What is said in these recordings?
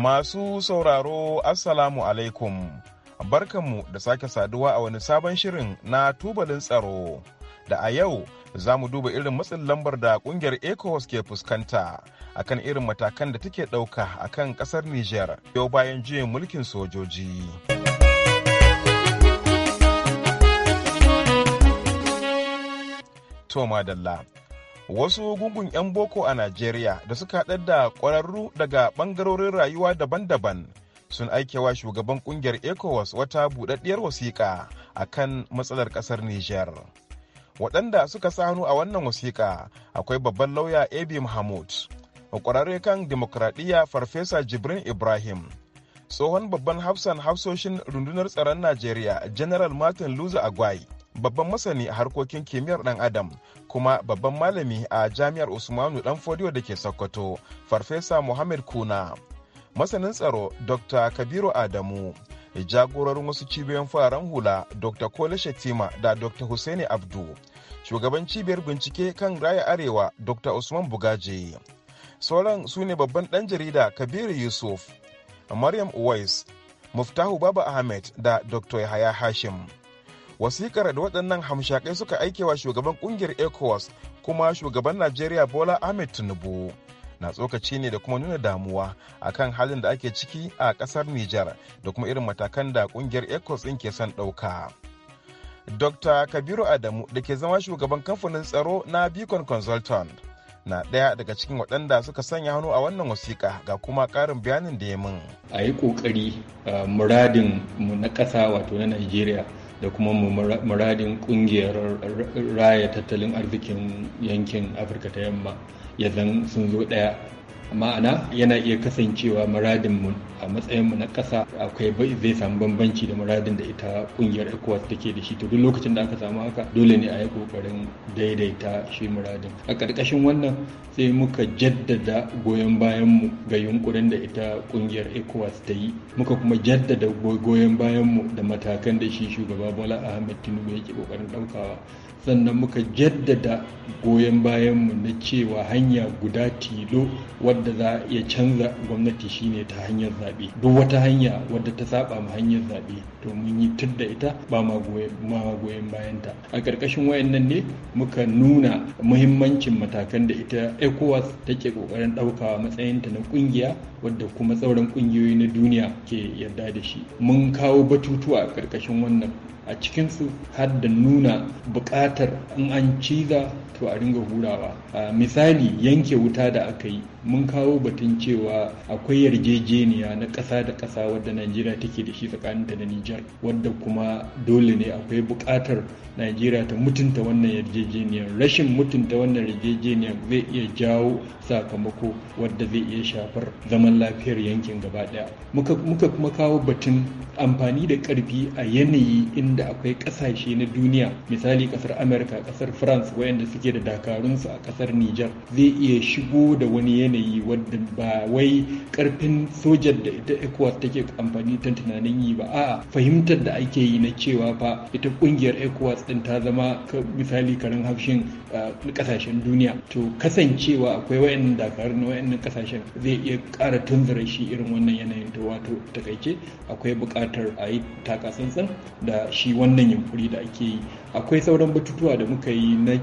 Masu sauraro Assalamu alaikum. Barkanmu da sake saduwa a wani sabon shirin na tubalin tsaro. Da a yau za mu duba irin matsin lambar da kungiyar ECOWAS ke fuskanta akan irin matakan da take ɗauka kan ƙasar Nijar yau bayan juyin mulkin sojoji. Toma Dalla. wasu gungun 'yan boko a najeriya da suka haɗar da ƙwararru daga ɓangarorin rayuwa daban-daban sun aikewa shugaban ƙungiyar ecowas wata buɗaɗɗiyar wasiƙa a kan matsalar ƙasar niger waɗanda suka sa hannu a wannan wasiƙa akwai babban lauya abi mahmud ƙwararre kan dimokuraɗiyya farfesa jibrin ibrahim tsohon babban hafsan hafsoshin rundunar tsaron najeriya general martin luther agwai babban masani a harkokin kimiyyar dan adam kuma babban malami a jami'ar usmanu dan fodiyo da ke sokoto farfesa muhammad kuna masanin tsaro dr kabiru adamu jagororin wasu cibiyoyin fararen hula dr kole shetima da dr hussaini abdu shugaban cibiyar bincike kan raya arewa dr usman bugaje sauran su ne babban dan jarida kabiru yusuf maryam uwais muftahu baba ahmed da dr yahaya hashim wasikar da waɗannan hamshakai suka aikewa shugaban ƙungiyar ecowas kuma shugaban najeriya bola ahmed tinubu na tsokaci ne da kuma nuna damuwa a kan halin da ake ciki a ƙasar nijar da kuma irin matakan da ƙungiyar ecowas ɗin ke son ɗauka dr kabiru adamu da ke zama shugaban kamfanin tsaro na beacon consultant na ɗaya daga cikin waɗanda suka sanya hannu a wannan wasiƙa ga kuma ƙarin bayanin da ya min. A yi ƙoƙari muradin mu na ƙasa wato na Najeriya da kuma muradin kungiyar raya tattalin arzikin yankin afirka ta yamma ya zan sun zo daya ma'ana yana iya kasancewa muradinmu mu a matsayin na ƙasa akwai zai samu bambanci da muradin da ita kungiyar ECOWAS take da shi to duk lokacin da aka samu haka dole ne a yi kokarin daidaita shi muradin a ƙarƙashin wannan sai muka jaddada goyon bayan ga yunƙurin da ita ƙungiyar ECOWAS ta yi muka kuma jaddada goyon bayanmu da matakan da shi shugaba Bola Ahmed Tinubu yake ƙoƙarin ɗaukawa sannan muka jaddada goyon bayanmu na cewa hanya guda tilo wadda za ya canza gwamnati shine ta hanyar zaɓe duk wata hanya wadda ta saba ma hanyar zaɓe to mun yi da ita ba ma goyon bayanta a ƙarƙashin wayannan ne muka nuna muhimmancin matakan da ita ecowas take ƙoƙarin ɗaukawa matsayinta na ƙungiya wadda kuma sauran ƙungiyoyi na duniya ke yarda da shi mun kawo batutuwa a ƙarƙashin wannan a cikinsu har da nuna buƙatar in an ciza to a ringa hurawa a misali yanke wuta da aka yi mun kawo batun cewa akwai yarjejeniya na ƙasa da ƙasa wadda najeriya take da shi tsakaninta da nijar wadda kuma dole ne akwai buƙatar najeriya ta mutunta wannan yarjejeniyar rashin mutunta wannan yarjejeniyar zai iya jawo sakamako wadda zai iya shafar zaman lafiyar yankin gaba ɗaya muka kuma kawo batun amfani da ƙarfi a yanayi inda da akwai kasashe na duniya misali kasar Amurka, kasar france wayanda suke da dakarunsu a kasar niger zai iya shigo da wani yanayi wadda ba wai karfin sojan da ita ecowas take amfani ta tunanin yi ba a'a fahimtar da ake yi na cewa fa ita kungiyar ecowas din ta zama misali karin hafshin Uh, kasashen duniya to kasancewa akwai wayannan dakar na wayannan kasashen zai iya ƙara tunzura shi irin wannan yanayin to wato takaice akwai bukatar a yi takatsantsan da shi wannan yunkuri da ake yi akwai sauran batutuwa da muka yi na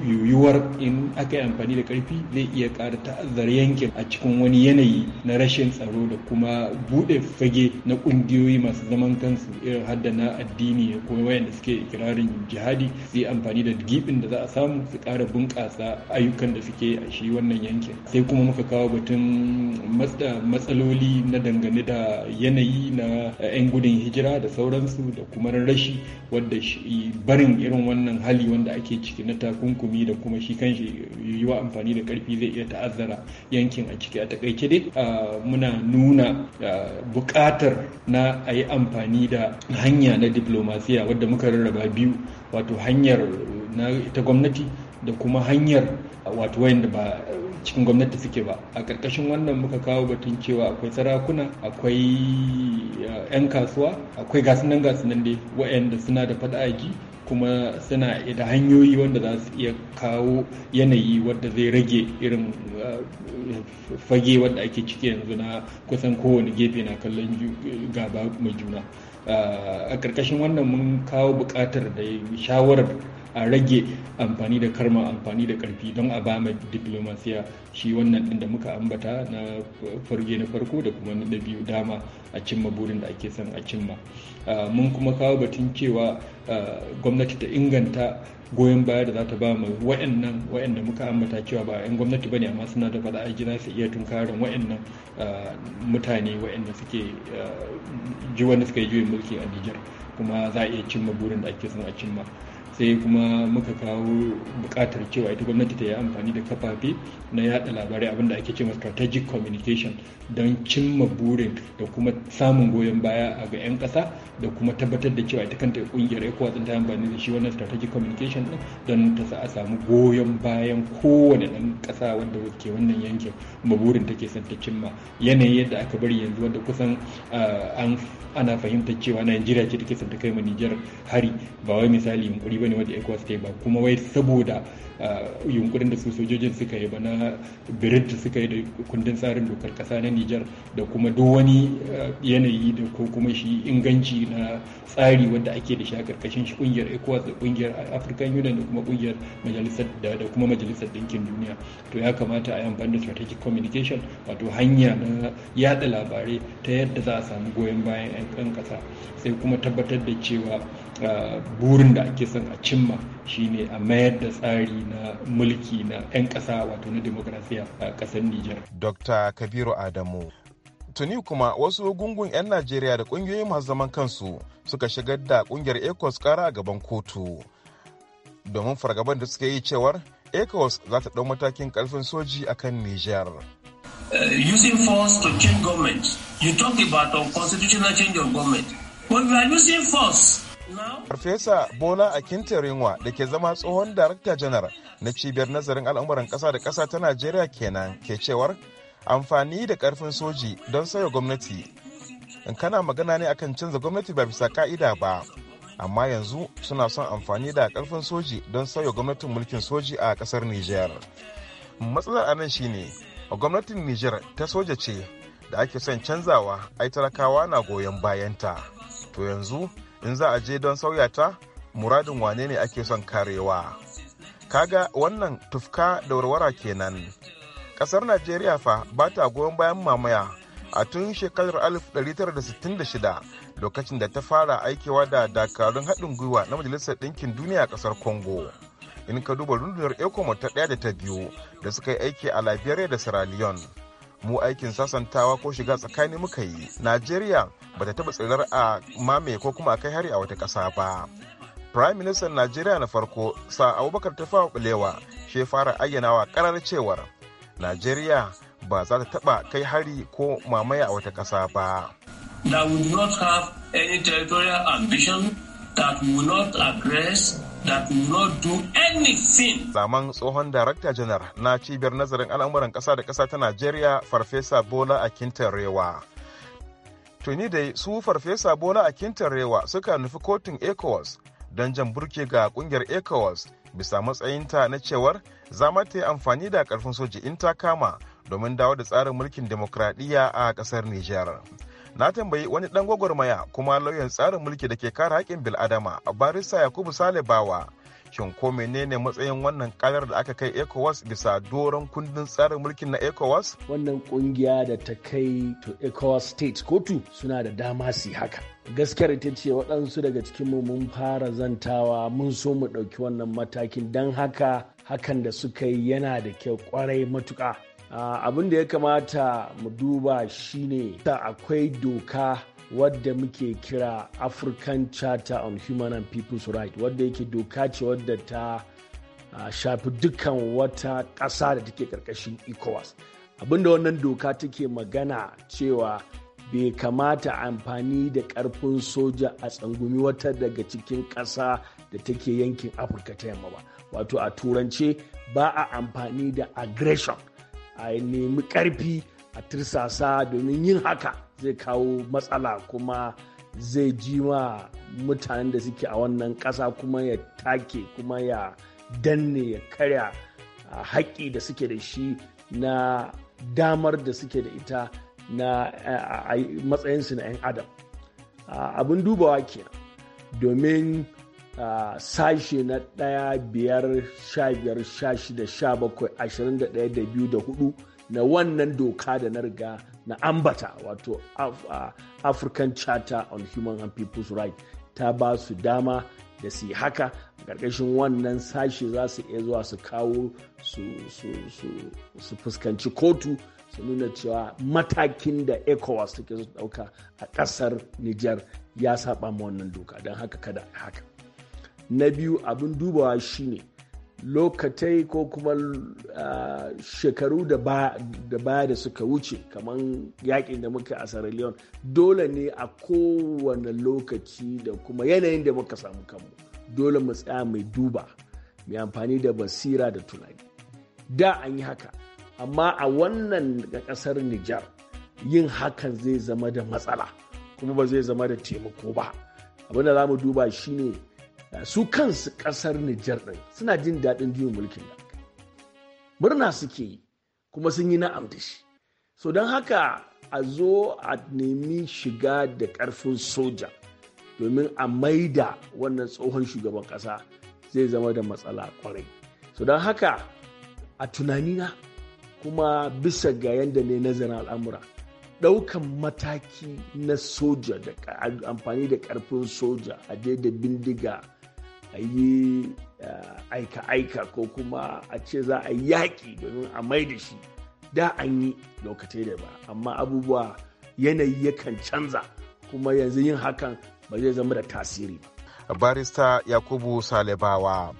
yiwuwar in aka yi amfani da karfi zai iya kara ta'azzar yankin a cikin wani yanayi na rashin tsaro da kuma buɗe fage na ƙungiyoyi masu zaman kansu irin hadda na addini ko wayanda suke ikirarin jihadi zai amfani da gibin da za a samu su ƙara bunƙasa ayyukan da suke a shi wannan yankin sai kuma muka kawo batun matsaloli na dangane da yanayi na 'yan gudun hijira da sauransu da kuma rashi wadda barin irin wannan hali wanda ake ciki na takunkumi da kuma shi kanshi yiwuwa amfani da karfi zai iya ta'azzara yankin a ciki a takaice dai muna nuna buƙatar na a yi amfani da hanya na diplomasiya wadda muka rarraba biyu wato hanyar ta gwamnati da kuma hanyar wato wayanda ba cikin gwamnati suke ba a ƙarƙashin wannan muka kawo batun cewa akwai sarakuna akwai 'yan kasuwa akwai gasunan gasunan dai wayanda suna da fada'aji kuma suna da hanyoyi wanda za su iya kawo yanayi wadda zai rage irin fage wadda ake ciki yanzu na kusan kowane gefe na kallon gaba mai juna a ƙarƙashin wannan mun kawo buƙatar da shawarar a rage amfani da karma amfani da karfi don a ba diplomasiya shi wannan din da muka ambata na farge na farko da kuma na biyu dama a cimma burin da ake son a cimma mun kuma kawo batun cewa gwamnati ta inganta goyon baya da za ta ba mu wa'annan wa'anda muka ambata cewa ba 'yan gwamnati bane amma suna da fada aiki su iya tunkarin wa'annan mutane wa'anda suke ji wanda suka yi juyin mulki a Nijar kuma za a iya cimma burin da ake son a cimma. sai kuma muka kawo buƙatar cewa ita gwamnati ta yi amfani da kafafe na yada labarai abinda ake cewa strategic communication don cimma burin da kuma samun goyon baya a ga 'yan kasa da kuma tabbatar da cewa ita kanta ƙungiyar ecowas ta amfani da shi wannan strategic communication din don ta sa a samu goyon bayan kowane ɗan ƙasa wanda ke wannan yankin maburin take son ta cimma yanayin yadda aka bari yanzu wanda kusan ah, ana fahimtar cewa najeriya ce take son ta kai ma nijar hari ba wai misali yunkuri ne wanda ecowas ta yi ba kuma wai saboda yunkurin da su sojojin suka yi ba na birin suka yi da kundin tsarin dokar kasa na Nijar da kuma duk wani eh, yanayi da ko kuma shi inganci na tsari wanda ake da shi a karkashin shi kungiyar ECOWAS da kungiyar African Union da kuma kungiyar majalisar da kuma majalisar Dinkin duniya to ya kamata a yi amfani da strategic communication wato hanya na yada labarai ta yadda za a samu goyon bayan 'yan kasa sai kuma tabbatar da cewa burin da ake son a cimma shine a mayar da tsari na mulki na 'yan ƙasa wato na demokrasiya a ƙasar Nijar. Dr. Kabiru Adamu. Tuni kuma wasu gungun 'yan Najeriya da ƙungiyoyi masu zaman kansu suka shigar da ƙungiyar ECOWAS ƙara a gaban kotu. Domin fargaban da suka yi cewar ECOWAS za ta ɗau matakin ƙarfin soji a kan Nijar. Eh, using force to change government. You talk about constitutional change of government. When you are using force Farfesa Bola Rinwa da ke zama tsohon darakta janar na cibiyar nazarin al'amuran ƙasa da ƙasa ta Najeriya kenan ke cewar amfani da ƙarfin soji don sauya gwamnati. In kana magana ne akan canza gwamnati ba bisa ka'ida ba, amma yanzu suna son amfani da ƙarfin soji don sauya gwamnatin mulkin soji a ƙasar Nijar. Matsalar anan shine gwamnatin Nijar ta soja ce da ake son canzawa ai talakawa na goyon bayanta. To yanzu in za a je don sauya ta muradin wane ne ake son karewa kaga wannan tufka da warwara kenan kasar najeriya fa ba ta goyon bayan mamaya a tun shekarar 1966 lokacin da ta fara aikewa da dakarun haɗin gwiwa na majalisar ɗinkin duniya a ƙasar congo in ka duba rundunar ecomo ta ɗaya da ta biyu da suka yi aiki a liberia da sierra leone mu aikin sasantawa ko shiga tsakani muka yi najeriya ba ta taɓa tsirar a mamaye ko kuma a kai hari a wata ƙasa ba prime minister najeriya na farko sa abubakar tafawa kulewa shi fara ayyanawa karar cewar najeriya ba za ta taba kai hari ko mamaya a wata ƙasa ba that will not have any territorial ambition that will not address? that will not do anything. Zaman tsohon darakta janar na cibiyar nazarin al'amuran ƙasa da ƙasa ta Najeriya Farfesa Bola Akintarewa. Tuni dai su Farfesa Bola Akintarewa suka nufi kotun ECOWAS don jan burke ga kungiyar ECOWAS bisa matsayinta na cewar zama ta yi amfani da karfin soji in ta kama domin dawo da tsarin mulkin demokradiyya a ƙasar Nijar. na tambayi wani dan gwagwarmaya kuma lauyan tsarin mulki da ke kare haƙƙin bil'adama barista yakubu sale bawa shin ko menene matsayin wannan kalar da aka kai ecowas bisa doron kundin tsarin mulkin na ecowas wannan kungiya da ta kai to ecowas state kotu suna da dama su haka gaskiyar ita ce waɗansu daga cikin mu mun fara zantawa mun so mu ɗauki wannan matakin don haka hakan da suka yi yana da kyau kwarai matuka. Ah, abin da ya kamata mu duba shine ta akwai doka wadda muke kira african charter on human and people's rights wadda yake doka ce wadda ta ah, shafi dukkan wata ƙasa da take ƙarƙashin ecowas abinda wannan doka take magana cewa bai kamata amfani da ƙarfin soja a tsangumi wata daga cikin ƙasa da take yankin afirka ta yamma ba wato a turance ba a amfani da aggression a nemi ƙarfi a tirsasa domin yin haka zai kawo matsala kuma zai ji ma mutanen da suke a wannan ƙasa kuma ya take kuma ya danne ya karya haƙƙi da suke da shi na damar da suke da ita na matsayinsu na 'yan adam abin dubawa ke domin sashe na ɗaya biyar sha biyar sha shida sha bakwai ashirin da ɗaya da biyu da hudu na wannan doka da na riga na ambata wato african charter on human and people's rights ta ba su dama da su haka a ƙarƙashin wannan sashe za su iya zuwa su kawo su fuskanci kotu su nuna cewa matakin da ecowas take su ɗauka a ƙasar niger ya saba ma wannan doka don haka kada haka na biyu abin dubawa shine lokatai ko kuma shekaru da baya da suka wuce kamar yakin da muka a Sierra Leone dole ne a kowane lokaci da kuma yanayin da muka samu kanmu dole mu tsaya mai duba mai amfani da basira da tunani da an yi haka amma a wannan kasar Nijar yin hakan zai zama da matsala kuma ba zai zama da taimako ba Abin da za mu duba shine su kansu kasar Nijar ɗin suna jin daɗin juyin mulkin da murna suke yi kuma sun yi na'am da shi so don haka a zo a nemi shiga da ƙarfin soja domin a maida wannan tsohon shugaban ƙasa zai zama da matsala kwarai so don haka a tunanina kuma bisa ga yadda ne nazarin al'amura ɗaukan mataki na soja da amfani da ƙarfin soja a daidai bindiga a yi aika-aika ko kuma a ce za a yi yaƙi domin a mai da shi da an yi lokacin da ba amma abubuwa yanayi yakan canza kuma yanzu yin hakan ba zai zama da tasiri ba. barista yakubu salibawa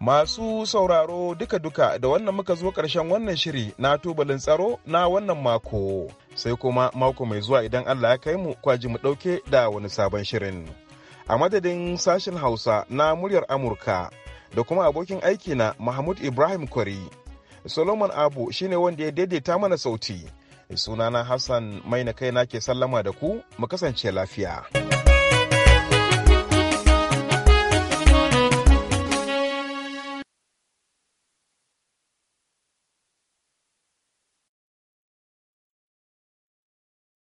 masu sauraro duka-duka da wannan muka zo ƙarshen wannan shiri na tubalin tsaro na wannan mako sai kuma mako mai zuwa idan Allah ya kai mu kwaji mu ɗauke da wani sabon shirin. A madadin sashen Hausa na muryar Amurka da kuma abokin aiki na Mahmud Ibrahim Kwari. Solomon Abu shine wanda ya daidaita mana sauti. Sunana Hassan mai na na ke sallama da ku mu kasance lafiya.